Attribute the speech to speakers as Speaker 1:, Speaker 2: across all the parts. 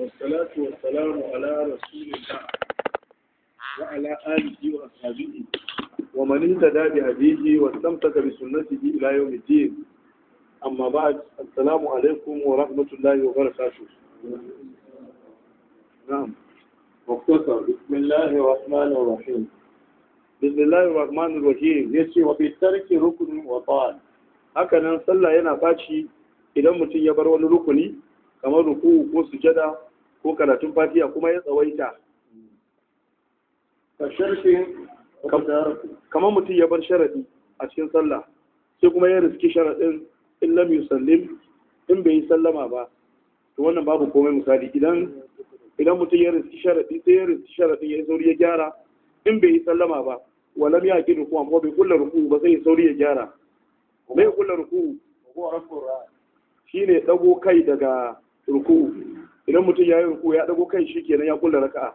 Speaker 1: والصلاة والسلام على رسول الله وعلى آله وأصحابه ومن اهتدى بهديه واستمسك بسنته إلى يوم الدين أما بعد السلام عليكم ورحمة الله وبركاته نعم مختصر بسم الله الرحمن الرحيم بسم الله الرحمن الرحيم يسي وفي fi ركن وطال wa ta'al haka nan sallah yana baci idan mutum ya bar wani rukuni kamar ruku ko sujada ko karatun fatiha kuma ya tsawaita kamar mutum ya bar sharadi a cikin sallah sai kuma ya riski sharadin in lam yusallim in bai yi sallama ba to wannan babu komai misali idan idan mutum ya riski sharadi sai ya riski sharadin ya sauri ya gyara in bai yi sallama ba walam ya ki ruku amma bai kulla ruku ba sai ya sauri ya gyara mai kulla ruku shine dago kai daga ruku idan mutum ya yi ruku ya dago kan shi kenan ya kulla raka'a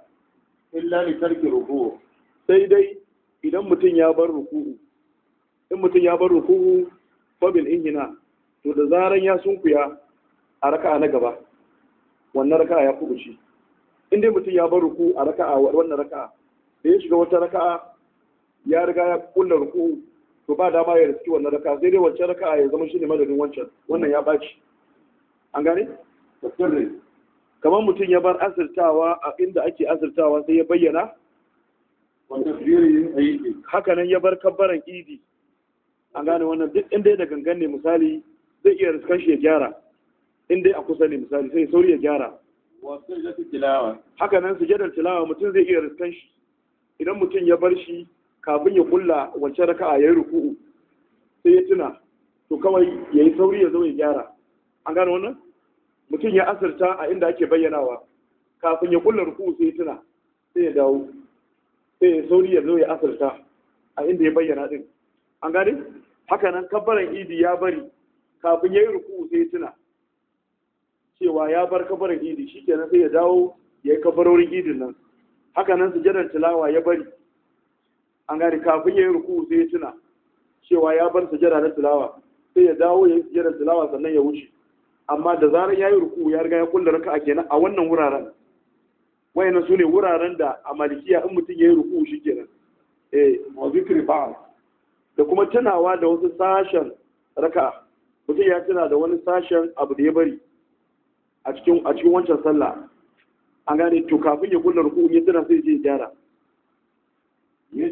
Speaker 1: illa li tarki ruku sai dai idan mutum ya bar ruku in mutum ya bar ruku fa bil inhina to da zaran ya sunkuya a raka'a na gaba wannan raka'a ya kubuce in dai mutum ya bar ruku a raka'a wannan raka'a da ya shiga wata raka'a ya riga ya kulla ruku to ba dama ya riski wannan raka'a sai dai wancan raka'a ya zama shine madadin wancan wannan ya baci an gane kamar mutum ya bar asirtawa a inda ake asirtawa sai ya bayyana haka nan ya bar kabbaran idi an gane wannan duk inda da gangan ne misali zai iya riskan shi ya gyara inda a kusa ne misali sai sauri ya gyara haka nan jadar tilawa mutum zai iya riskan shi idan mutum ya bar shi kafin ya kulla wacce raka a yi ruku'u sai ya tuna to kawai ya yi sauri ya zo ya gyara an gane wannan mutum ya asirta a inda ake bayyanawa kafin ya kulla ruku sai tuna sai ya dawo sai ya sauri ya zo ya asirta a inda ya bayyana din an gane haka nan kabbaran idi ya bari kafin ya yi ruku sai ya tuna cewa ya bar kabbaran idi shikenan sai ya dawo ya yi kabbarorin idin nan haka nan sujadar tilawa ya bari an gane kafin ya yi ruku sai ya tuna cewa ya bar sujada na tilawa sai ya dawo ya yi sujadar tilawa sannan ya wuce amma da zarar ya yi ruku ya riga ya kulla raka'a kenan a wannan wuraren wayannan su ne wuraren da a malikiya in mutum ya yi ruku shi kenan eh wa Ba'a. da kuma tunawa da wasu sashen raka'a mutum ya tuna da wani sashen abu da ya bari a cikin a cikin wancan sallah an gane to kafin ya kulla ruku ya tuna sai ya gyara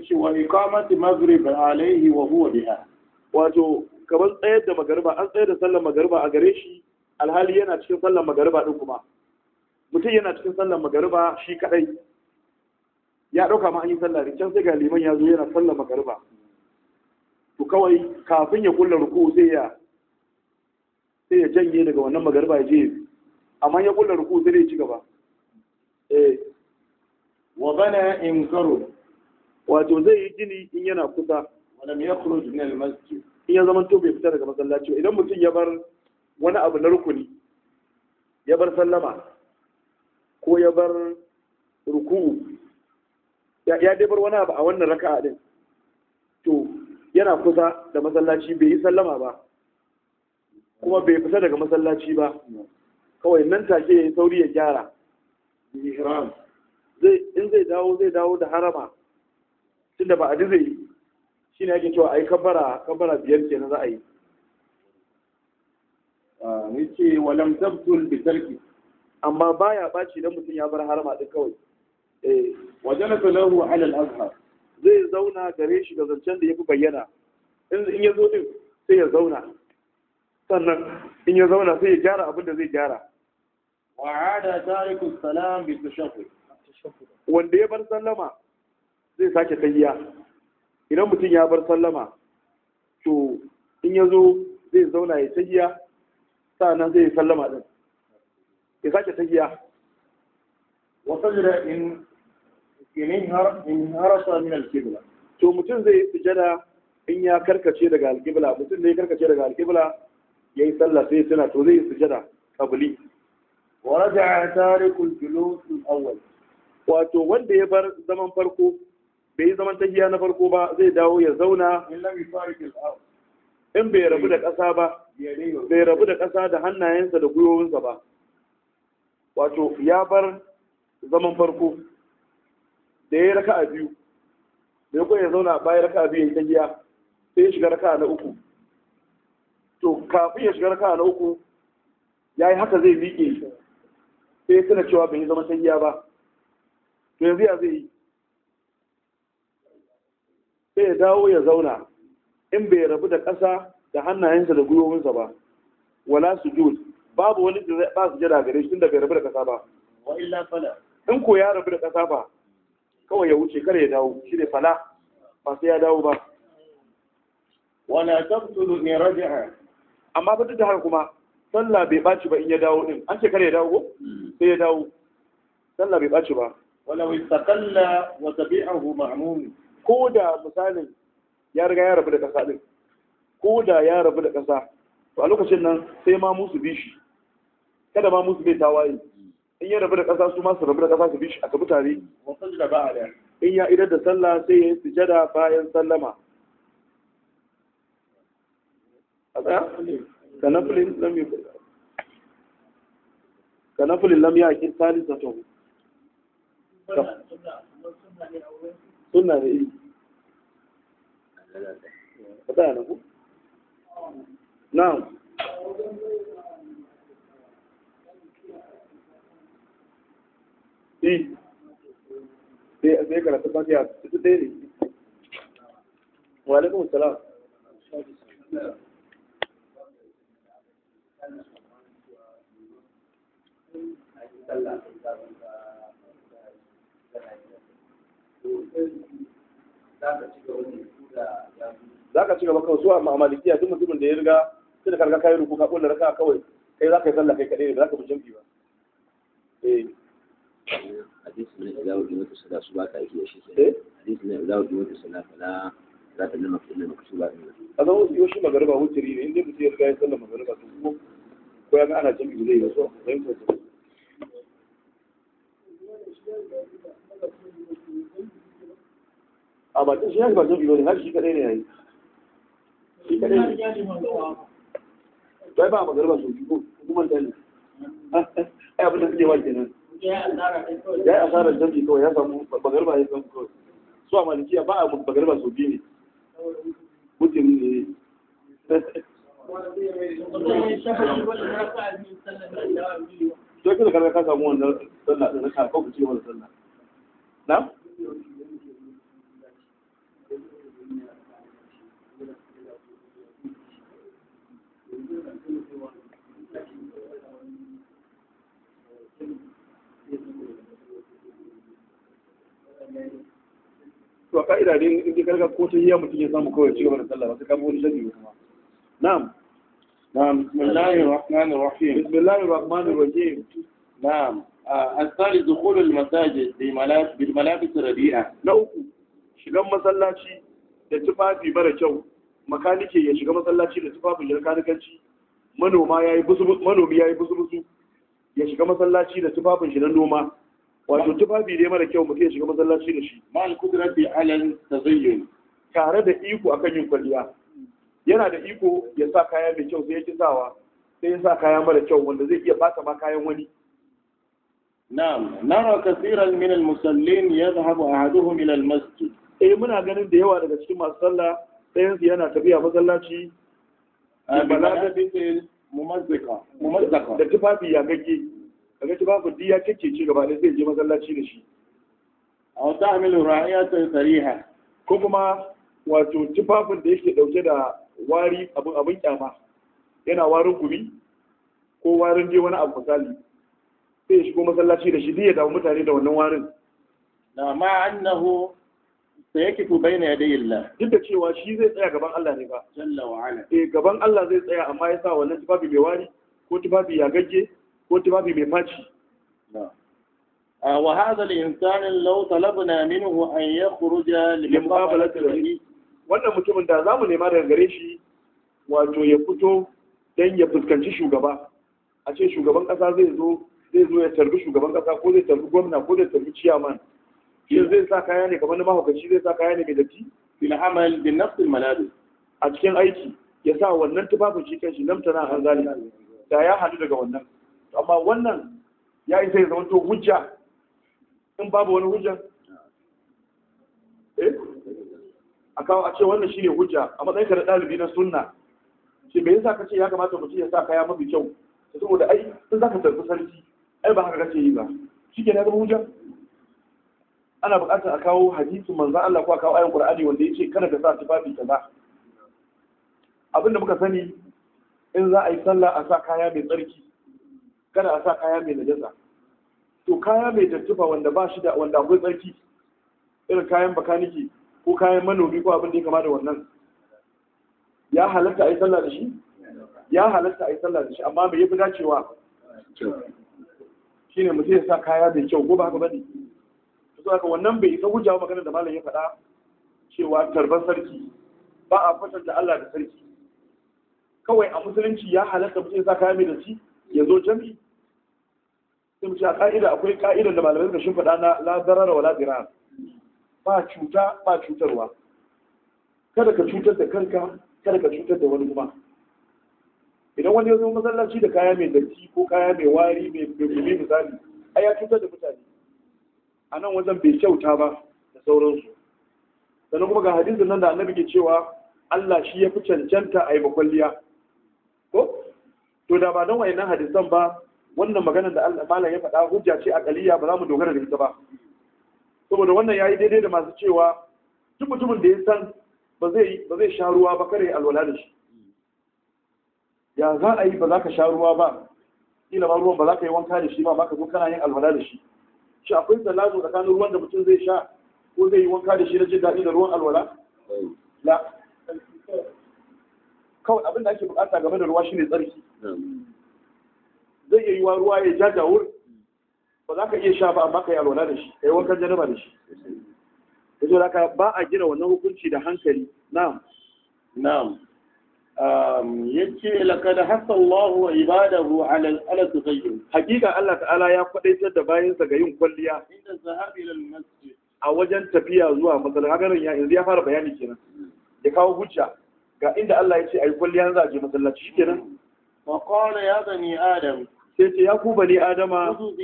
Speaker 1: ce wa iqamati maghrib alaihi wa huwa biha wato kamar tsayar da magariba an tsayar da sallar magariba a gare shi alhali yana cikin sallar magariba din kuma mutum yana cikin sallar magariba shi kadai ya dauka ma an yi sallah can sai ga liman ya zo yana sallar magariba to kawai kafin ya kulla ruku sai ya sai ya janye daga wannan magariba ya je amma ya kulla ruku sai ya ci gaba eh wa bana in karo wato zai yi gini in yana kusa wa lam yakhruj min al-masjid in ya zama to bai fita daga masallaci idan mutum ya bar wani abu na rukuni ya bar sallama ko ya bar ruku'u ya dai bar wani abu a wannan raka'a din to yana kusa da masallaci bai yi sallama ba kuma bai kusa daga masallaci ba kawai nan take ya sauri ya gyara in zai dawo zai dawo da harama tunda ba a zai yi shi ne ake cewa a yi kabbara biyar kenan za a yi na'am ce walam tabtul bi tarki amma baya baci dan mutum ya bar harama din kawai eh wajalasa lahu ala al-azhar zai zauna gare shi ga zancen da yafi bayyana in ya zo din sai ya zauna sannan in ya zauna sai ya gyara abin da zai gyara ada tariku salam bi tashahhud wanda ya bar sallama zai sake tayya idan mutum ya bar sallama to in ya zo zai zauna ya tayya sa'annan zai yi sallama din ya sake tahiya wa sajda in in har in harasa min al to mutum zai yi sujada in ya karkace daga al mutum zai karkace daga al ya yi sallah sai suna to zai yi sujada qabli wa raja'a tarikul julus sun awal. wato wanda ya bar zaman farko bai yi zaman tahiya na farko ba zai dawo ya zauna in bai rabu da ƙasa ba bai rabu da ƙasa da hannayensa da gwiwowinsa ba wato ya bar zaman farko da ya yi raka a biyu da ya ya zauna bayan raka a biyu ya giya sai ya shiga raka na uku to kafin ya shiga raka na uku ya yi haka zai miƙe sai ya tuna cewa bai yi zaman tagiya ba to yanzu ya zai yi sai ya dawo ya zauna in bai rabu da ƙasa da hannayensa da gwiwowinsa ba wala su jul babu wani da ba su jira gare shi tunda bai rabu da kasa ba wa illa fala in ko ya rabu da kasa ba kawai ya wuce kare ya dawo shi ne fala ba sai ya dawo ba wala tabtulu in Raja? amma ba duk da haka kuma sallah bai baci ba in ya dawo din an ce kare ya dawo ko sai ya dawo sallah bai baci ba wala istaqalla wa tabi'ahu ma'mum ko da misalin ya riga ya rabu da kasa din ko da ya rabu da ƙasa to a lokacin nan sai ma musu bi shi kada ma musu bai tawaye in ya rabu da ƙasa su ma su rabu da ƙasa su bi shi a kabu tare in ya idar da sallah sai ya yi sujada bayan sallama kanafulin lam lam ya kin salisa to sunna ne eh kada ku na'am eh sai karatu fatiha su ɗaya ne za ka ci gaba kawai zuwa ma duk mutumin da ya riga sai da karga kayi ruku ka kulla raka kawai kai za ka yi sallah kai kadai ne ba za ka fi jam'i ba eh hadisi ne idan wajen wata sada su ba ka yi shi eh hadisi ne idan wajen wata sada fala za ta nuna kullum da kusu ba ne a zan wasu yoshi magariba wuturi ne inda mutum ya riga ya sallah magariba to kuma ko ya ga ana jam'i zai yi so zai so a bakin shi ya ba jam'i ba ne har shi kadai ne ya yi. shi kadai bai ba magarba su biyu hukumar dani ai abin da suke wa kenan ya yi asarar jam'i kawai ya samu magarba ya samu kawai su a malikiya ba a magarba su biyu ne mutum ne Sai kuma ka samu wannan sallah ɗin ka kawo ku ci gaba sallah. Na? to a ka'ida dai in dai karga ko tahiyya mutum ya samu kawai cigaba da sallah ba sai kama wani shari kuma na'am na'am bismillahir rahmanir rahim bismillahir rahmanir rahim na'am الثالث دخول المساجد بالملابس Na uku, shigan masallaci da tufafi mara kyau makanike ya shiga masallaci da tufafin jarkanikanci manoma ya busu manomi ya yi busu busu ya shiga masallaci da tufafin shi na noma wato tufafi ne mara kyau mutum ya shiga masallaci da shi mal kudrati alal tazayyun tare da iko akan yin kwalliya yana da iko ya sa kaya mai kyau sai ya ki sawa sai ya sa kaya mara kyau wanda zai iya bata ma kayan wani na'am nara kaseeran min ya musallin yadhhabu ahaduhum ila al-masjid eh muna ganin da yawa daga cikin masu sallah ɗayan su yana tafiya masallaci a balada bin mumazzaka mumazzaka da tufafi ya gaggi kaga babu diya ya kakkece gaba da zai je masallaci da shi a wata amilu sariha ko kuma wato tufafin da yake dauke da wari abin abin kyama yana warin gumi ko warin dai wani abu misali sai ya shigo masallaci da shi duk ya dawo mutane da wannan warin na ma annahu sayakifu bayna yaday Allah duk da cewa shi zai tsaya gaban Allah ne ba jalla wa ala eh gaban Allah zai tsaya amma yasa wannan tufafi bai wari ko tufafi ya gagge ko tufafi mai faci wa hadha al-insan law talabna minhu an yakhruja limuqabalati al wannan mutumin da zamu nema daga gare shi wato ya fito dan ya fuskanci shugaba a ce shugaban kasa zai zo zai zo ya tarbi shugaban kasa ko zai tarbi gwamna ko zai tarbi chairman shi zai sa kaya ne kamar na mahaukaci zai sa kaya ne mai datti bil amal bin nafs al malabis a cikin aiki ya sa wannan tufafin shi kanshi lamtana an da ya hadu daga wannan amma wannan ya isa ya zama to hujja in babu wani hujja eh a kawo a ce wannan shine hujja a matsayin ka da ɗalibi na sunna shi me yasa kace ya kamata mutum ya sa kaya mafi kyau saboda ai in zaka tarbi sarki ai ba haka kace yi ba shike na zama hujja ana buƙatar a kawo hadisin manzon Allah ko a kawo ayan Qur'ani wanda yace kada ka sa tufafi kaza abinda muka sani in za a yi sallah a sa kaya mai tsarki kada a sa kaya mai najasa to kaya mai tattufa wanda ba shi da wanda akwai tsarki irin kayan bakaniki ko kayan manomi ko abin da ya kama da wannan ya halatta a yi sallah da shi ya halatta a yi sallah da shi amma mai yafi dacewa shine mutum ya sa kaya mai kyau ko ba haka bane to haka wannan bai isa hujja magana da malam ya faɗa cewa tarban sarki ba a kwatanta Allah da sarki kawai a musulunci ya halatta mutum ya sa kaya mai da shi ya zo jami'i sai mu ce a ka'ida akwai ka'ida da malamai suka faɗa na ladarar wa wala ba cuta ba cutarwa kada ka cutar da kanka kada ka cutar da wani kuma idan wani ya zo masallaci da kaya mai datti ko kaya mai wari mai bebe misali ai ya cutar da mutane a nan wajen bai kyauta ba da sauransu sannan kuma ga hadisin nan da annabi ke cewa Allah shi ya fi cancanta a yi makwalliya ko to da ba don wayannan hadisan ba wannan maganar da malam ya faɗa hujja ce a ƙaliya ba za mu dogara da ita ba saboda wannan yayi daidai da masu cewa duk mutumin da ya san ba zai ba zai sha ruwa ba kare alwala da shi ya za a yi ba za ka sha ruwa ba kila ba ruwan ba za ka yi wanka da shi ba ba ka zo kana yin alwala da shi shi akwai tsalazo tsakanin ruwan da mutum zai sha ko zai yi wanka da shi na jin daɗi da ruwan alwala la kawai abin da ake bukata game da ruwa shine tsarki yiwa ruwa ya ja wuri? ba za ka iya sha ba amma ka yi alwala da shi ka yi wankan janaba da shi zo da ka ba a gina wannan hukunci da hankali na'am na'am yace laqad hasa Allahu wa ibadahu ala ala taghayyur hakika Allah ta'ala ya kwadaitar da bayansa ga yin kwalliya inda zahabi lil masjid a wajen tafiya zuwa masallaci ya yanzu ya fara bayani kenan ya kawo hujja ga inda Allah ya ce ayi kwalliya za a je masallaci kenan wa qala ya bani adam sai ce ya ku bani adama ku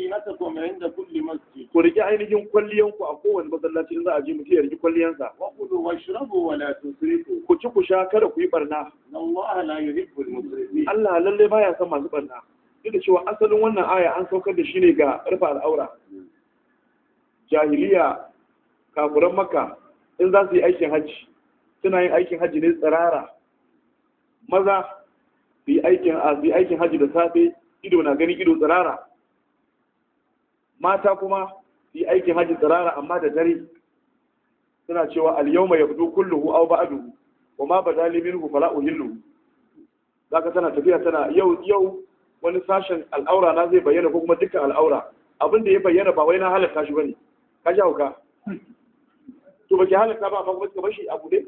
Speaker 1: riƙi ainihin kwalliyanku a kowane masallaci in za a je mutum ya riƙi kwalliyansa ku ci ku sha kada ku yi barna Allah lalle baya san masu barna duk da cewa asalin wannan aya an saukar da shi ne ga rufe al'aura jahiliya kafuran maka in za su yi aikin hajji suna yin aikin hajji ne tsirara maza su yi aikin hajji da safe ido na gani ido tsirara mata kuma yi aikin hajji tsirara amma da dare suna cewa al ya fito kulluhu ba ba'duhu wa ma badali minhu fala uhillu zaka tana tafiya tana yau yau wani sashen al'aura na zai bayyana ko kuma dukkan al'aura abin da ya bayyana ba wai na halatta shi bane ka ji hauka to baki halatta ba amma kuma kika bashi abu dai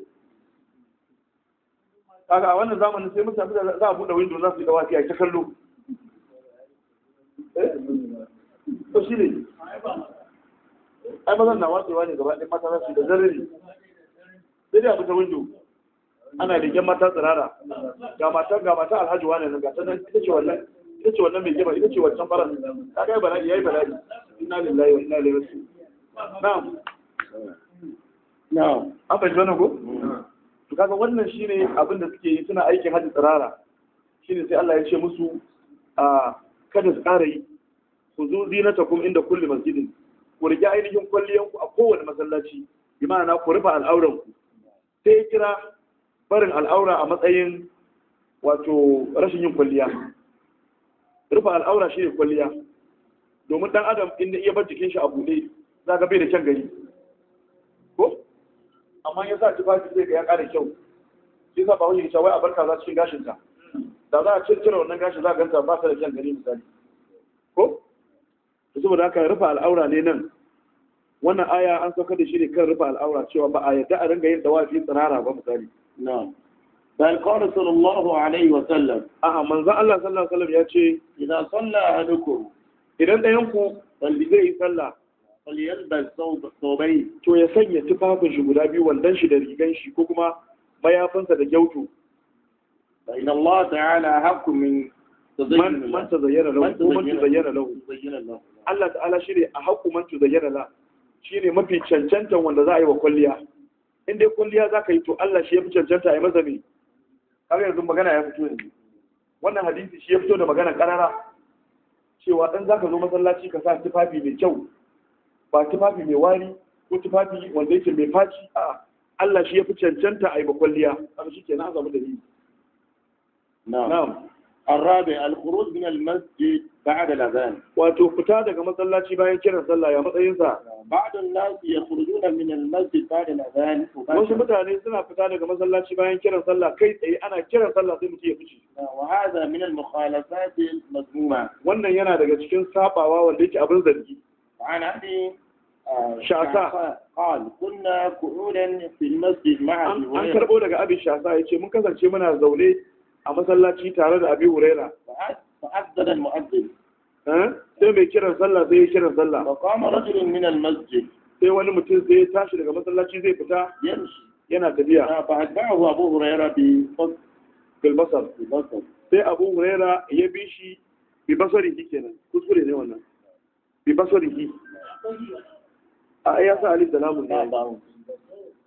Speaker 1: kaga a wannan zamanin sai mutane za a buɗe window za su yi dawaki a ta kallo ko eh? shi ne ai mazan na watsewa ne gaba ɗin mata za su da zarri sai dai abu ta windo ana rigen mata tsirara ga mata ga mata alhaji wane nan ga ta nan ita ce wannan ita ce wannan mai gaba ita ce wancan fara ta kai bala'i yayi bala'i inna lillahi wa inna ilaihi raji'un na'am na'am an fahimci wannan ko to kaga wannan shine abin da suke yi suna aikin hajji tsirara shine sai Allah ya ce musu a ah, kada su ƙara yi ku zo ta kuma inda kulle masjidin ku rike ainihin kwalliyanku a kowane masallaci bi ma'ana ku rufe al'auranku sai ya kira barin al'aura a matsayin wato rashin yin kwalliya rufe al'aura shi ne kwalliya domin dan adam inda iya bar jikin shi a buɗe za ka bai da kyan gari ko amma ya sa tufafi zai ga ya ƙara kyau shi sa ba wani ya wai a barka za cikin gashin da za a cire wannan gashi za a ganta ba ta da jan gani misali ko to saboda haka rufe al'aura ne nan wannan aya an sauka da shi ne kan rufe al'aura cewa ba a yadda a ringa yin dawafi tsirara ba misali Na. alaihi wa قال صلى الله عليه وسلم اه من ذا ya ce. الله عليه وسلم ياتي اذا صلى احدكم اذا دينكم فلزي صلى فليلبس ثوب ثوبين تو يسني تفافin shi guda biyu wandan shi da rigan shi ko kuma mayafinsa da gyautu فإن الله تعالى حق من من من تزين له من تزين له Allah ta'ala shi ne a haƙu man tuzayyana la shi ne mafi cancanta wanda za a yi wa kwalliya in dai kwalliya za ka yi to Allah shi ya fi cancanta a yi maza mai kaga yanzu magana ya fito yanzu wannan hadisi shi ya fito da magana ƙarara cewa ɗan za ka zo masallaci ka sa tufafi mai kyau ba tufafi mai wari ko tufafi wanda yake mai faci a Allah shi ya fi cancanta a yi wa kwalliya kaga shi kenan a samu dalili na'am الرابع الخروج من المسجد بعد wato fita daga masallaci bayan kiran sallah ya matsayin wasu mutane suna fita daga masallaci bayan kiran sallah kai tsaye ana kiran sallah sai mutum ya fice wannan yana daga cikin sabawa wanda yake abin zargi ana abi ah, shasa an karbo daga abi shasa yace mun kasance muna zaune a masallaci tare da abi huraira mu'azzadan mu'azzin sai mai kiran sallah sai ya kiran sallah sai wani mutum sai tashi daga masallaci zai fita yana tafiya ah, sai abu huraira ya bi bi kenan kuskure ne wannan bi a ah, ya sa alif da lamun ne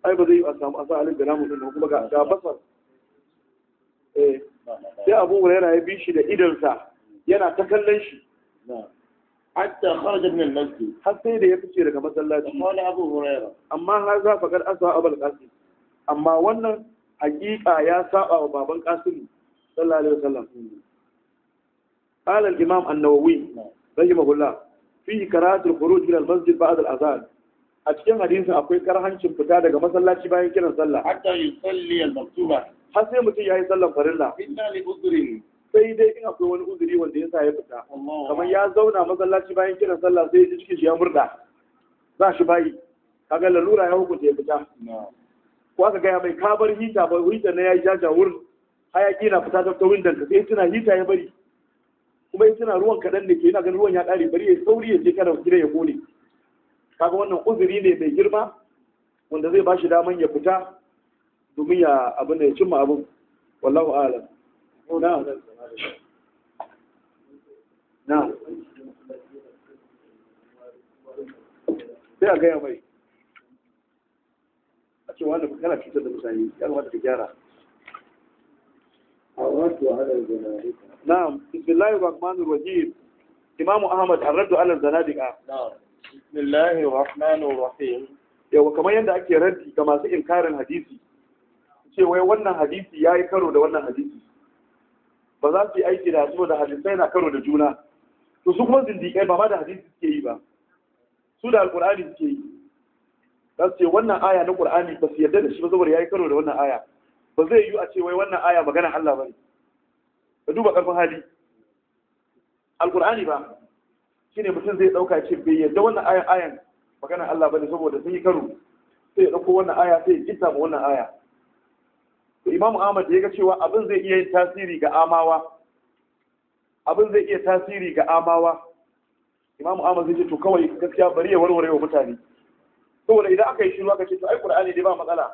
Speaker 1: ai ba zai yi a samu a sa alif da lamun ne kuma ga basar sai abu huraira ya bi shi da idonsa yana ta kallon shi hatta kharaja min al-masjid har sai da ya fice daga masallaci wani abu huraira amma har za fa kar asa abul qasim amma wannan hakika ya saba wa baban qasim sallallahu alaihi wasallam Qala al-Imam An-Nawawi الإمام النووي رحمه الله khuruj كراهة al-masjid ba'da al الأذان a cikin hadisi akwai karhancin fita daga masallaci bayan kiran sallah hatta yusalli al-maktuba har sai mutum ya yi sallan farilla sai dai in akwai wani uzuri wanda ya sa ya fita kamar ya zauna masallaci bayan kiran sallah sai ya ji cikin shi ya murda za shi bayi kaga lalura ya hukunta ya fita ko aka gaya mai ka bar hita ba hita na ya yi jaja wurin hayaki na fita ta windon ka sai tuna hita ya bari kuma in tuna ruwan kaɗan ne, ke yana ganin ruwan ya ƙare bari ya sauri ya je kada gida ya kone kaga wannan uzuri ne mai girma wanda zai ba shi daman ya fita domin ya abin da ya cimma abin wallahu ala na na sai a gaya mai a ce wanda kana fitar da mutane ya kamata ka gyara نعم بسم الله الرحمن الرحيم إمام أحمد الرد على الزنادقة نعم بسم الله الرحمن الرحيم يو كما يندى أكي ردي كما سئل كارن حديثي cewa wannan hadisi ya yi karo da wannan hadisi ba za su yi aiki da hadisi da hadisai na karo da juna to su kuma zindiƙai ba ma da hadisi suke yi ba su da alƙur'ani suke yi za su ce wannan aya na ƙur'ani ba su yarda da shi ba saboda ya yi karo da wannan aya ba zai yiwu a ce wai wannan aya magana Allah ba ne ka duba ƙarfin hali alƙur'ani ba shine mutum zai ɗauka ce bai yarda wannan ayan ayan magana Allah ba ne saboda sun yi karo sai ya ɗauko wannan aya sai ya gita ma wannan aya Imam Ahmad ya ga cewa abin zai iya yin tasiri ga amawa abin zai iya tasiri ga amawa Imam Ahmad zai ce to kawai gaskiya bari ya warware wa mutane saboda idan aka yi shiru aka ce to ai Qur'ani dai ba matsala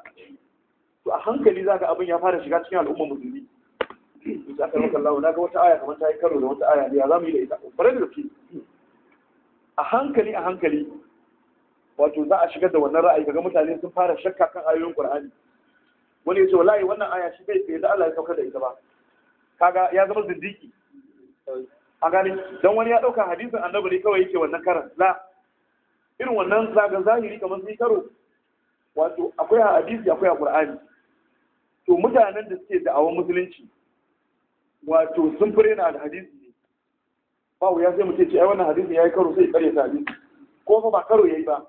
Speaker 1: to a hankali zaka abin ya fara shiga cikin al'umma musulmi to aka maka Allah na ga wata aya kamar ta yi karo da wata aya ne ya zamu yi da ita bare da a hankali a hankali wato za a shigar da wannan ra'ayi kaga mutane sun fara shakka kan ayoyin Qur'ani wani ya ce wallahi wannan aya shi bai sai da Allah ya saukar da ita ba kaga ya zama zindiki a gani don wani ya ɗauka hadisin annabi ne kawai yake wannan karan la irin wannan zaga zahiri kamar sai karo wato akwai hadisi akwai alqur'ani to mutanen da suke da'awan musulunci wato sun fure na hadisi ne ba ya sai mu ce ai wannan hadisin yayi karo sai ya karya hadisi ko fa ba karo yayi ba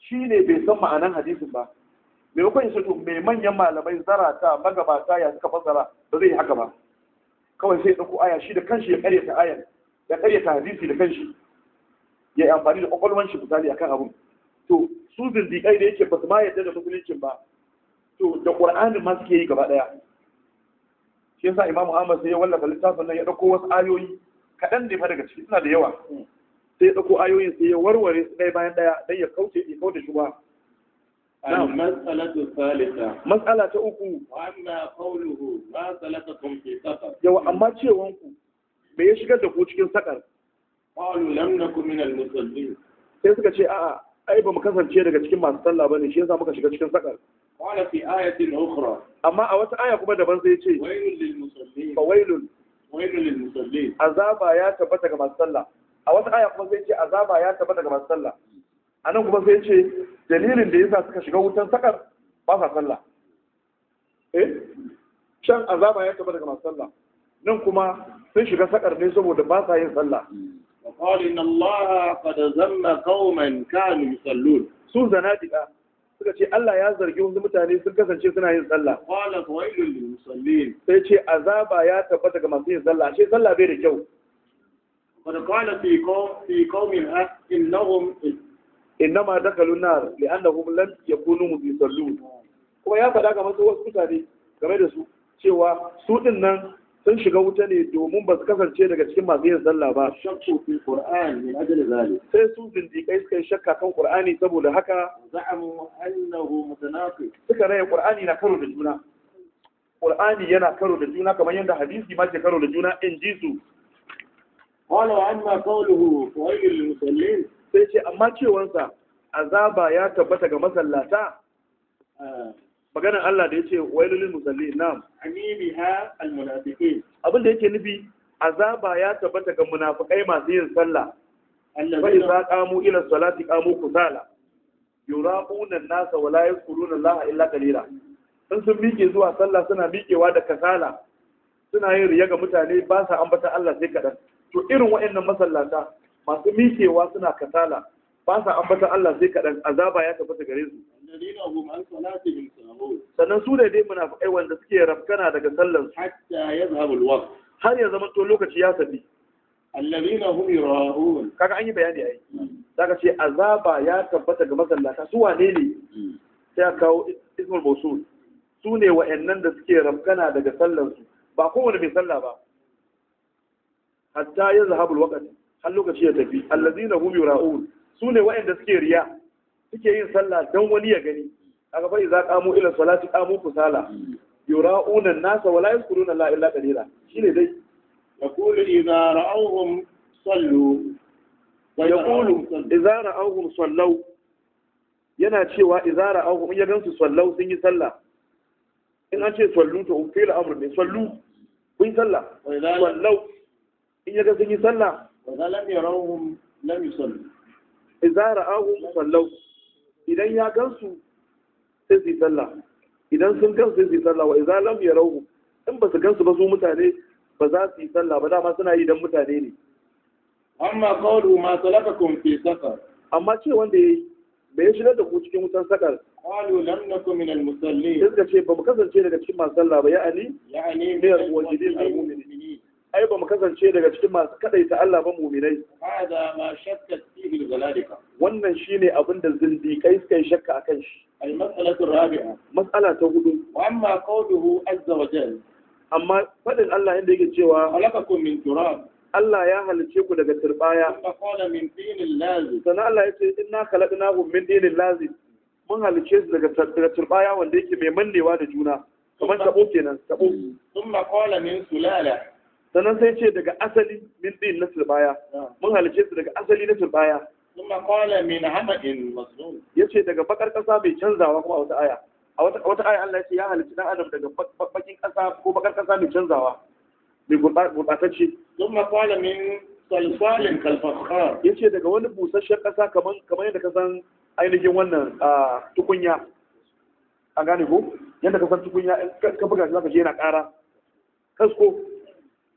Speaker 1: shi ne bai san ma'anan hadisin ba maimakon ya to mai manyan malamai zarata magabata ya suka fasara ba zai yi haka ba kawai sai ya ɗauko aya shi da kanshi ya karyata ayan ya karyata hadisi da kanshi ya yi amfani da kwakwalwan shi misali akan abun to su zindiƙai da yake ba su ma yarda da musuluncin ba to da ƙur'anin ma suke yi gaba ɗaya shi yasa imamu ahmad sai ya wallafa littafin nan ya ɗauko wasu ayoyi kaɗan ne fa daga ciki suna da yawa sai ya ɗauko ayoyin sai ya warware su ɗaya bayan ɗaya don ya kauce ya kauce shi ba
Speaker 2: Mas'alatu
Speaker 1: salisa. Mas'ala ta uku. Yawa amma cewan me ya shigar da ku cikin sakar? Sai suka ce a'a ai ba mu kasance daga cikin masu sallah ne shi yasa muka shiga cikin sakar. Amma a wata aya kuma daban sai ce wailul lil musallin. Fa Azaba ya tabbata ga masu sallah. A wata aya kuma sai ce azaba ya tabbata ga masu sallah. a nan kuma sai ce dalilin da yasa suka shiga wutan sakar ba sa sallah eh shan azaba ya taba daga masu sallah nan kuma sun shiga sakar ne saboda ba sa yin sallah وقال إن الله قد ذم قوما كانوا يصلون سو زنادقة suka ce Allah ya zargi wanzu mutane sun kasance suna yin sallah. Qala wailul musallin. Sai ce azaba ya tabbata daga masu yin sallah, sai sallah bai da kyau. Qad qala fi qawm innahum innama dakalun nar li'annahum lam yakunu musallun kuma ya faɗa ga masu wasu mutane game da su cewa su din nan sun shiga wuta ne domin ba su kasance daga cikin masu yin sallah ba shakku fi qur'an min ajli zalik sai su zindiƙai suka yi shakka kan qur'ani saboda haka za'amu annahu mutanaqi suka raya qur'ani na karo da juna qur'ani yana karo da juna kamar yadda hadisi ma ke karo da juna in ji su qala amma qawluhu fa ayyul musallin sai ce amma cewansa azaba ya tabbata ga masallata ah. maganar Allah da ya ce wailulil musalli na'am ha almunafiqin abin da yake nufi azaba ya tabbata ga munafikai masu yin sallah fa idza qamu ila salati qamu kusala yuraquna an-nasa wa la yadhkuruna Allah illa qalila in sun miƙe zuwa sallah suna miƙewa da kasala suna yin riya ga mutane ba sa ambata Allah sai kaɗan to irin waɗannan masallata masu mishewa suna kasala ba sa ambatan Allah sai kaɗan azaba ya tabbata gare su. Sannan su da dai munafiƙai wanda suke rafkana daga sallar Har ya zama to lokaci ya tafi. Allazina hum Kaga an yi bayani ai. Hmm. Zaka ce azaba ya tabbata ga masallata su wane ne? Hmm. Sai a kawo ismul mawsul. Su ne wa'annan da suke rafkana daga sallar Ba kowane mai sallah ba. Hatta ya habul waqti. har lokaci ya tafi allazina hum yura'un su ne waɗanda suke riya suke yin sallah don wani ya gani aka bai za qamu ila salati kamo kusala yura'una an-nasa wa la yadhkuruna la illa qalila shine dai yaqulu idza ra'awhum sallu wa yaqulu idza ra'awhum sallu yana cewa idza ra'awhum ya gansu sallau sun yi sallah in an ce sallu to fil amr ne sallu kun sallah sallau in ya ga sun yi sallah Kaza lam yarawhum lam yusallu. Idza Idan ya gansu sai su sallah. Idan sun gansu sai su sallah wa idza lam yarawhum in ba su gansu ba su mutane ba za su yi sallah ba dama suna yi dan mutane ne. Amma qawlu ma salakakum fi saqar. Amma ce wanda ya yi. bai ya shigar da ku cikin wutan sakar. Qalu lam nakum min al-musallin. Sai ce ba mu kasance daga cikin masu sallah ba ya'ani ya'ani min al-wajibin al-mu'minin. ai ba mu kasance daga cikin masu kadai ta Allah ba muminai hada ma shakka fihi zalalika wannan shine abin da zindikai suka yi shakka akan shi al mas'alatu rabi'a mas'ala ta hudu wa amma qawluhu azza wa jalla amma fadin Allah inda yake cewa alakakum min turab Allah ya halice ku daga turbaya sannan Allah ya ce inna khalaqnahu min dinin lazim mun halice su daga daga turbaya wanda yake mai mannewa da juna kamar tabo kenan tabo thumma qala min sulala sannan sai ce daga asali min din na turbaya ah. mun halice su daga asali na turbaya kuma qala min hamadin ya ce daga bakar kasa bai canzawa kuma a wata aya a wata aya Allah ya ce ya halici dan adam daga bakin kasa ko bakar kasa mai canzawa mai gurbatacce kuma qala min salsalin ya ce daga wani busasshen kasa kamar kaman yadda ka san ainihin wannan tukunya a gane ko yadda ka san tukunya ka buga shi zaka je yana ƙara kasko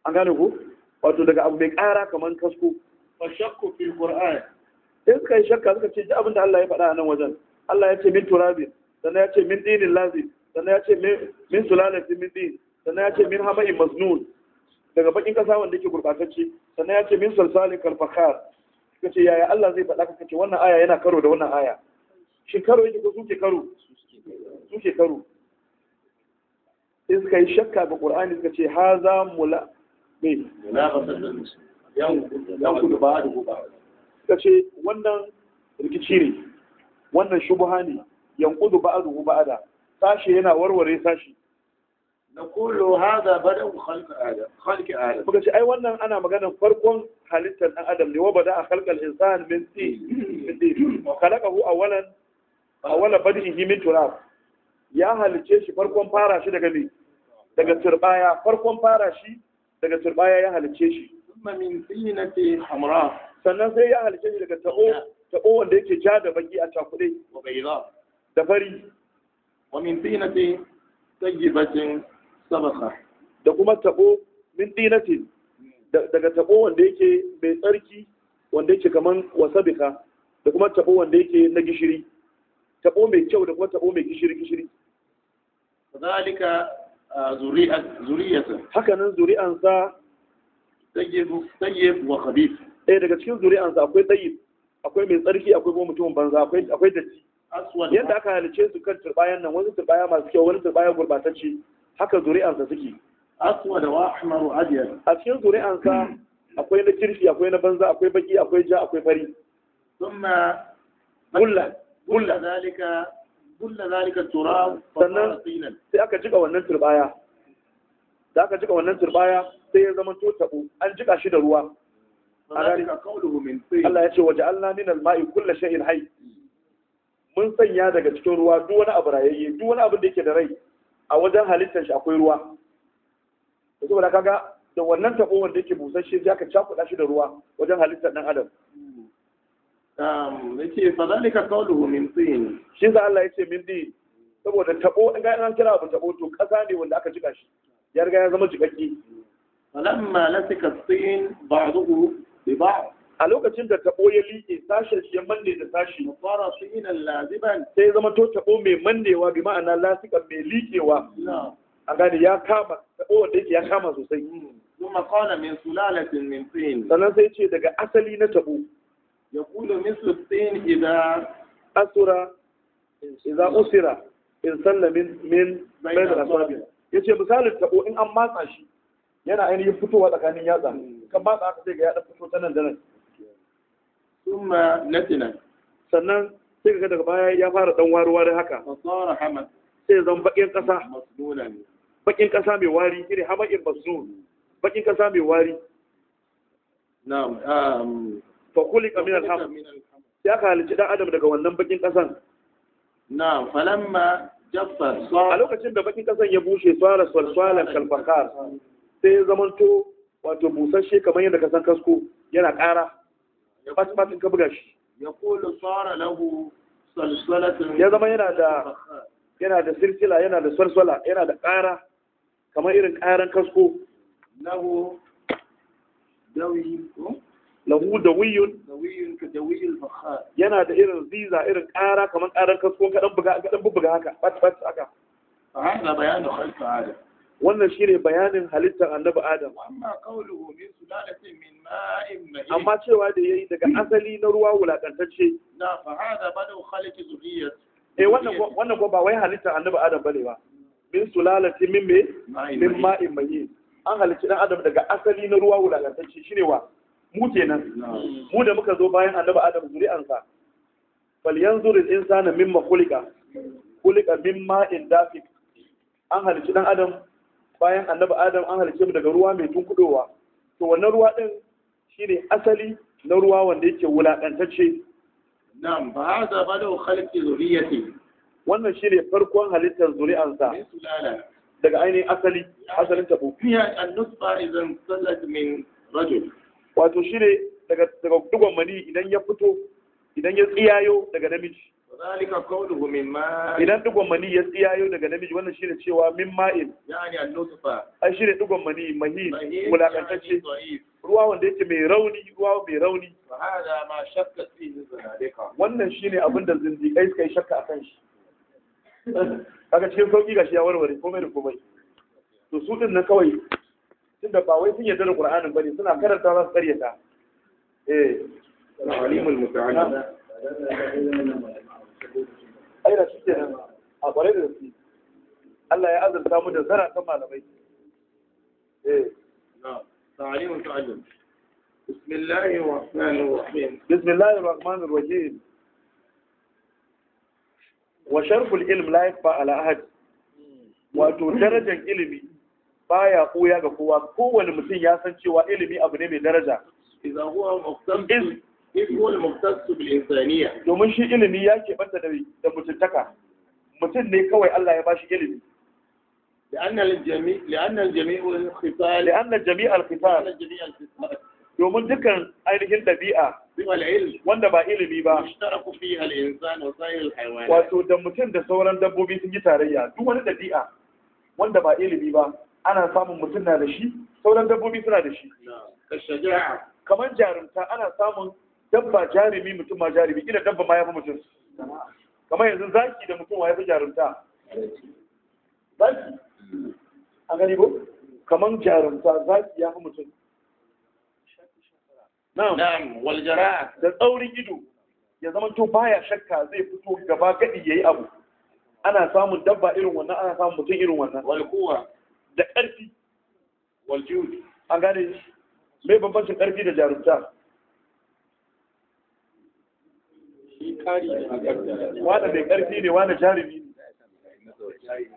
Speaker 1: an gane ku wato daga abu mai ƙara kamar kasko fa shakku fil qur'an in kai shakka suka ce ji abin da Allah ya faɗa a nan wajen Allah ya ce min turabi sannan ya ce min dinin lazi sannan ya ce min sulalatin min din sannan ya ce min hama'in maznun daga bakin kasa wanda yake gurbatacce sannan ya ce min salsalin kalfakar suka ce yaya Allah zai faɗa ka ce wannan aya yana karo da wannan aya shi karo yake ko suke karo suke karo in suka yi shakka ga Qur'ani suka ce haza mula ne ce wannan rikici ne wannan ba ne yanku ba da sashi yana warware sashi na kullu hada bada khalqi adam muka ce ai wannan ana maganar farkon halittar dan adam ne wa bada a khalqal insan min tin min khalaqahu awalan awala badihi min turab ya halice shi farkon fara shi daga ne daga turbaya farkon fara shi daga turbaya ya halice shi thumma min tinati hamra sannan sai ya halice shi daga ta'o ta'o wanda yake ja da baki a cakude wa da fari wa min tinati tajibatin sabakha da kuma ta'o min tinati daga ta'o wanda yake mai tsarki wanda yake kaman wasabika da kuma ta'o wanda yake na gishiri ta'o mai kyau da kuma ta'o mai gishiri gishiri zalika zuriyarsa hakanan zuri'ansa tayyib wa khabith eh daga cikin zuri'ansa akwai tayyib akwai mai tsarki akwai kuma mutumin banza akwai akwai datti yadda aka halice su kan turbayan nan wani turbaya masu kyau wani turbaya gurbatacce haka zuri'ansa suke aswad wa ahmaru abyad a cikin zuri'ansa akwai na kirki akwai na banza akwai baki akwai ja akwai fari thumma kulla kulla zalika kulla zalika turab sannan sai aka jika wannan turbaya da aka jika wannan turbaya sai ya zama to tabo an jika shi da ruwa Allah ya ce waje Allah min al-ma'i kullu shay'in hayy mun sanya daga cikin ruwa duk wani abu rayayye duk wani abu da yake da rai a wajen halittar shi akwai ruwa saboda kaga da wannan tabo wanda yake busasshe sai aka cakuɗa shi da ruwa wajen halittar dan adam shi za Allah yace min din ne wanda a lokacin da tabo ya liƙe sashen shi ya manne da sashi fara sinan laziban sai zama to tabo mai mannewa bi ma'ana lasika mai liƙewa a gane ya kama tabo wanda yake ya kama sosai kuma qala min sulalatin min tin sannan sai ce daga asali na tabo يقول مثل الطين إذا أسر إذا أسر إن سل من من بين الأصابع yace misalin tabo in an matsa shi yana ainihin fitowa tsakanin yatsa kan matsa aka sai ga ya fito ta nan da nan sannan sai ga daga baya ya fara dan waruwa haka sai zan bakin kasa masdulan mai wari irin hamakin basdul bakin kasa mai wari fa khuliqa min ya ka halici dan adam daga wannan bakin kasan na falamma jaffa a lokacin da bakin kasan ya bushe swala swalswalan kalbakar sai ya zamanto wato busasshe kamar yadda kasan kasko yana ƙara ya fatin fatin ka buga shi ya kula swara lahu salsalatun ya zama yana da yana da silsila yana da salsala yana da ƙara kamar irin ƙaran kasko lahu dawi ko lahu da wiyun yana da irin ziza irin ƙara kamar ƙarar kasko kaɗan buga dan buga haka bat bat haka
Speaker 2: hada bayanu halitta adam
Speaker 1: wannan shine bayanin halittar annabi adam amma qawluhu min sulalatin min ma'in mahin amma cewa da yayi daga asali na ruwa wulakantacce na fa hada badu khaliqi zurriyyat eh wannan wannan ko ba wai halittar annabi adam bane ba min sulalatin min me min ma'in mahin an halicci dan adam daga asali na ruwa wulakantacce shine wa mu kenan mu da muka zo bayan annabi adam zuri'ansa falyanzur al-insana mimma khuliqa khuliqa mimma in dafiq an halici dan adam bayan annabi adam an halice mu daga ruwa mai tunkudowa to wannan ruwa din shine asali na ruwa wanda yake wulakantacce na'am ba hada da khalqi zuriyati wannan shine farkon halittar zuri'ansa daga ainihin asali asalin bu fiya an nusba idan sallat min rajul wato shi ne daga dugon mani idan ya fito idan ya tsiyayo daga namiji idan dugon mani ya tsiyayo daga namiji wannan shi ne cewa min ma'in yani an-nutfa dugon mani mahin wulakantacce ruwa wanda yake mai rauni ruwa mai rauni wannan shi ne abin da zindiƙai suka yi shakka kan shi kaga cikin ga shi ya warware komai da komai to su din na kawai tunda ba wai sun yarda da Qur'anin bane suna karanta za su karyata eh alimul muta'allim ai da shi nan a bare da shi Allah ya azurta mu da zara kan malamai eh na ta'alimul ta'allim بسم الله الرحمن الرحيم بسم الله الرحمن الرحيم وشرف العلم لا يخفى على أحد wato darajar ilimi baya koya ga kowa kowane mutum ya san cewa ilimi abu ne mai daraja domin shi ilimi ya ke banta da mutuntaka mutum ne kawai Allah ya bashi ilimi Da الجميع لأن الجميع domin dukkan ainihin dabi'a wanda ba ilimi ba wato da mutum da sauran dabbobi sun yi tarayya duk wani dabi'a wanda ba ilimi ba ana samun mutum na da shi sauran dabbobi suna da shi kamar jarumta ana samun dabba jarumi mutum ma jarumi ina dabba ma ya fi mutum kamar yanzu zaki da mutum ya fi jarumta zaki a gani ko kamar jarumta zaki ya fi mutum na'am waljara da tsaurin ido ya zama to baya shakka zai fito gaba gadi yayi abu ana samun dabba irin wannan ana samun mutum irin wannan wal da ƙarfi wal an gane shi mai bambancin ƙarfi da jarumta wanda mai ƙarfi ne wanda jarumi ne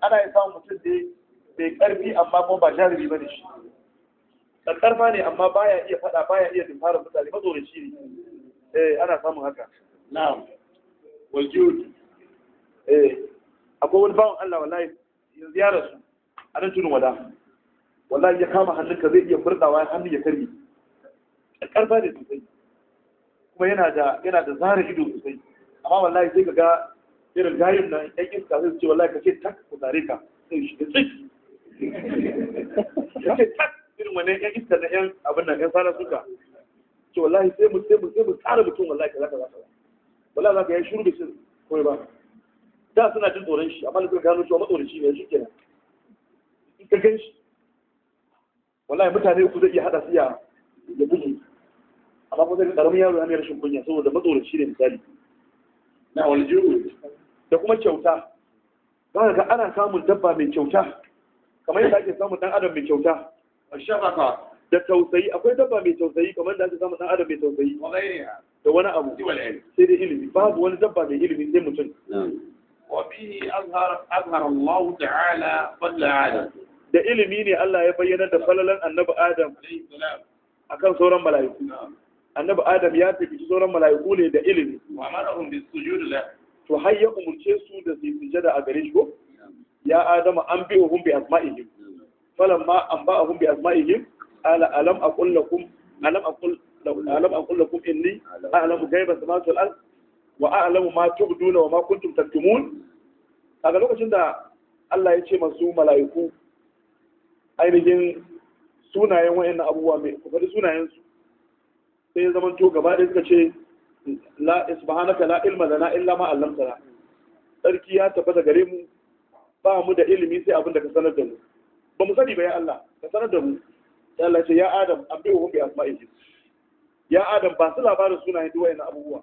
Speaker 1: ana yi samun mutum da mai ƙarfi amma kuma ba jarumi ba ne shi ƙarƙarfa ne amma baya iya faɗa baya iya dimfara mutane matsoraci ne eh ana samun haka na'am wal eh akwai wani bawon Allah wallahi yanzu ya rasu a nan tudun wada wallahi ya kama hannun ka zai iya furdawa hannun ya karye karfa ne sosai kuma yana da yana da zara ido sosai amma wallahi sai ka ga irin gayin nan ɗan iska sai su ce wallahi ka ce tak ku zare ka sai shi tsik ka ce tak irin wannan ɗan iska na ɗan abin nan ɗan sara suka ce wallahi sai mu sai mu sai mu tsara mutum wallahi ka zaka zaka wallahi za ka yi shiru da shi ko ba da suna jin tsoron shi amma da suka gano wa matsoron shi ne shi kenan in ka gan shi wallahi mutane uku zai iya hada su ya ya bugu amma ko zai karamin yaro yana rashin kunya saboda matsoraci ne misali na aljihu da kuma kyauta za ga ana samun dabba mai kyauta kamar yadda ake samun dan adam mai kyauta shafaka da tausayi akwai dabba mai tausayi kamar da ake samun dan adam mai tausayi da wani abu sai dai ilimi babu wani dabba mai ilimi sai mutum وبه أظهر أظهر الله تعالى فضل عالم da ilimi ne Allah ya bayyana da falalan annabi Adam akan sauran mala'iku annabi Adam ya fi fifi sauran mala'iku ne da ilimi to har ya umurce su da su sujada a gare shi ko ya Adam an bi uhum bi asma'ihim ma an ba uhum bi asma'ihim ala alam aqul lakum alam aqul alam aqul lakum inni a'lamu gaiba, samawati al. ard wa a'lamu ma tubduna wa ma kuntum taktumun kaga lokacin da Allah ya ce masu mala'iku ainihin sunayen wayannan abubuwa mai kufari faɗi su. sai ya zama to gaba ɗaya suka ce la isbahanaka la ilma lana illa ma 'allamtana sarki ya tabbata gare mu ba mu da ilimi sai abin da ka sanar da mu ba mu sani ba ya Allah ka sanar da mu ya Allah ce ya Adam abihu bi asma'ihi ya Adam ba su labarin sunayen duwaye na abubuwa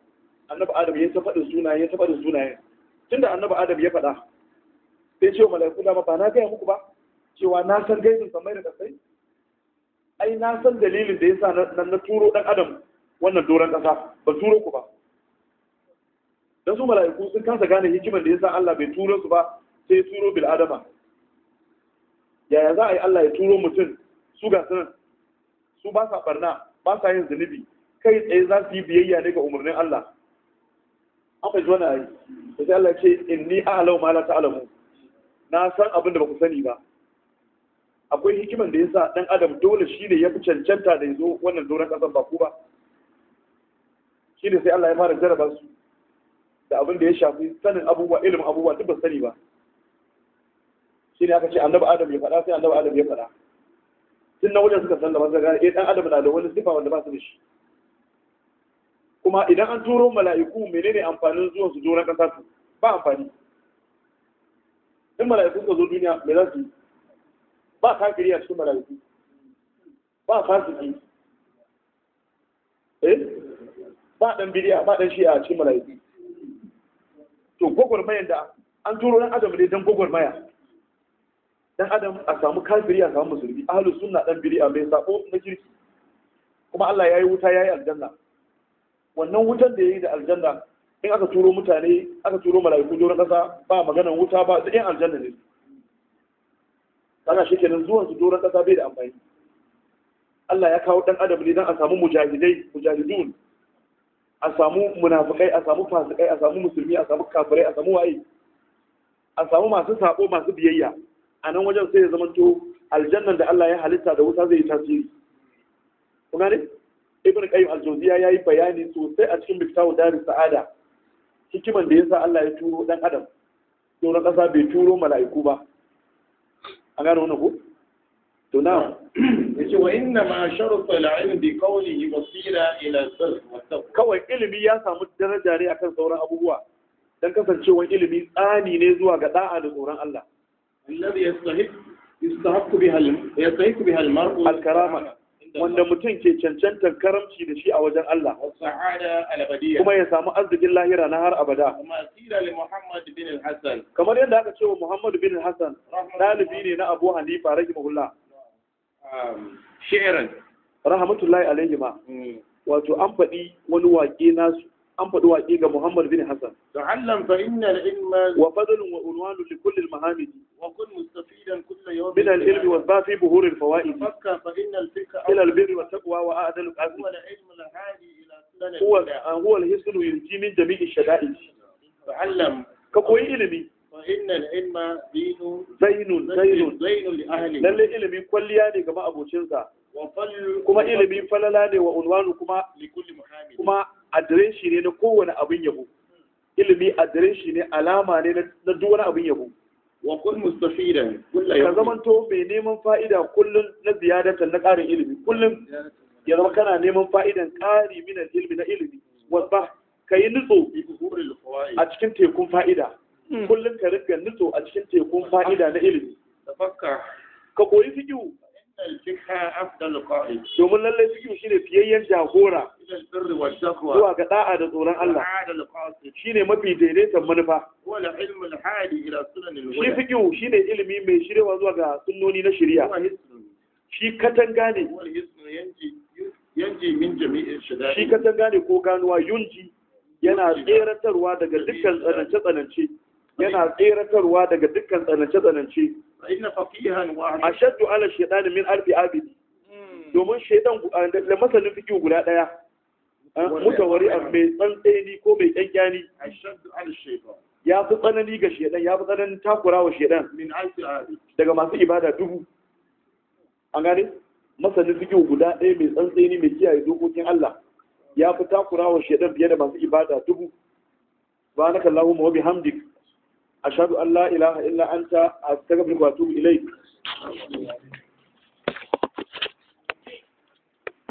Speaker 1: annabi Adam ya tafa da sunayen, ya tafa da sunayen. tunda annabi Adam ya faɗa sai ce wa mala'iku dama, ba na gaya muku ba cewa na san gaisin samai da kasai ai na san dalilin da yasa na na turo dan adam wannan doron kasa ba turo ku ba dan su mala'iku sun kansa gane hikimar da yasa Allah bai turo su ba sai turo bil adama yaya za a yi Allah ya turo mutum su ga sunan su ba sa barna ba sa yin zunubi kai tsaye za su yi biyayya ne ga umarnin Allah an fahimci wani ayi yi. sai Allah ya ce inni a'lamu ma la ta'lamu na san abin da ba ku sani ba akwai hikiman da yasa dan adam dole shi ne ya fi cancanta da yazo wannan doron kasan ba ku ba shi ne sai Allah ya fara jarraba su da abin da ya shafi sanin abubuwa ilimin abubuwa duk ba sani ba shi ne aka ce annabi adam ya faɗa sai annabi adam ya faɗa tun na wajen suka sallama suka gane eh dan adam na da wani sifa wanda ba su da shi kuma idan an turo mala'iku menene amfanin zuwan su doron kasa ba amfani in mala'iku suka zo duniya me za su yi ba kafiri a cikin mala'iku ba suke eh ba dan bidiya ba dan shi'a a cikin mala'iku to gwagwarmayar da an turo ɗan adam ne dan gwagwarmaya dan adam a samu kafiri a samu musulmi ahlus sunna dan a mai sako na kirki kuma Allah yayi wuta yayi aljanna wannan wutan da yayi da aljanna in aka turo mutane aka turo mala'iku doron kasa ba maganan wuta ba da aljanna ne kana shi kenan zuwan su doron kasa bai da amfani Allah ya kawo dan adam ne dan a samu mujahidai mujahidun a samu munafikai a samu fasikai a samu musulmi a samu kafirai a samu waye a samu masu sako masu biyayya a nan wajen sai ya zama to aljannan da Allah ya halitta da wuta zai yi tasiri kun gane ibn qayyim al-jawziya yayi bayani sosai a cikin biftawu darus sa'ada hikiman da yasa Allah ya turo dan adam doron ƙasa bai turo mala'iku ba an gane wannan ko to na ce, wa inna ma sharutu al-ilm bi yi wasila ila sirr kawai ilimi ya samu daraja ne akan sauran abubuwa don kasancewar ilimi tsani ne zuwa ga da'a da tsoron Allah alladhi yastahiq yastahiq biha yastahiq biha al-mar'u al-karama wanda mutum ke cancantar karamci da shi a wajen Allah kuma ya samu arzikin lahira na har abada kamar yadda aka ce wa Muhammad bin Hassan dalibi ne na Abu Hanifa rahimahullah um, shi'ran rahmatullahi ma mm. wato an faɗi wani waƙe nasu an faɗi waƙi ga Muhammad bin Hassan. Ta'allam fa inna al-ilma wa fadlun wa unwanu li kulli al-mahamid wa kun mustafidan kulla min al wa ba fi buhur al-fawaid. Fakka fa inna al-fikra ila al-birr wa taqwa wa a'dal al-qasd. Huwa al-ilm al-hadi ila sunan huwa ah, huwa al yunji min jami'i shada'id. Ta'allam ka koyi ilimi fa inna al-ilma zainun zainun zainun li ahli. Lalle ilimi kwalliya ne ga ma'abocinsa. kuma ilimi falala ne wa unwanu kuma kuma adirin shi ne na kowane abin yabo ilimi adirin shi ne alama ne na duk wani abin yabo wa kun mustafidan kullu ka zamanto mai neman fa'ida kullum na ziyadatan na ƙarin ilimi Kullum ya zama kana neman fa'idan ƙari min ilimi na ilimi wasba ka yi nutso a cikin tekun fa'ida hmm. Kullum ka riga nutso a cikin tekun fa'ida na ilimi ka koyi fikihu domin lallai cikin shi ne fiyayyen jagora zuwa ga da'a da tsoron Allah shi ne mafi daidaitan manufa shi fikihu shi ne ilimi mai shirewa zuwa ga sunnoni na shirya shi katanga ne shi katanga ne ko ganuwa yunji yana tseratarwa daga dukkan tsanance-tsanance yana tseratarwa daga dukkan tsanance-tsanance a shaddu ala shaidani min arfi abidi hmm. domin shaidan ah, da masanin fikiyu guda daya ah, mutawari a mai tsantseni ko mai kyankyani ya fi tsanani ga shaidan ya fi tsananin takura wa shaidan daga masu ibada dubu an gane masanin fikiyu guda daya mai tsantseni mai kiyaye dokokin Allah ya fi takura wa shaidan fiye da masu ibada dubu ba na kallahu ma wabi hamdik. A an Allah ilaha illa anta astaghfiruka wa atubu ilaik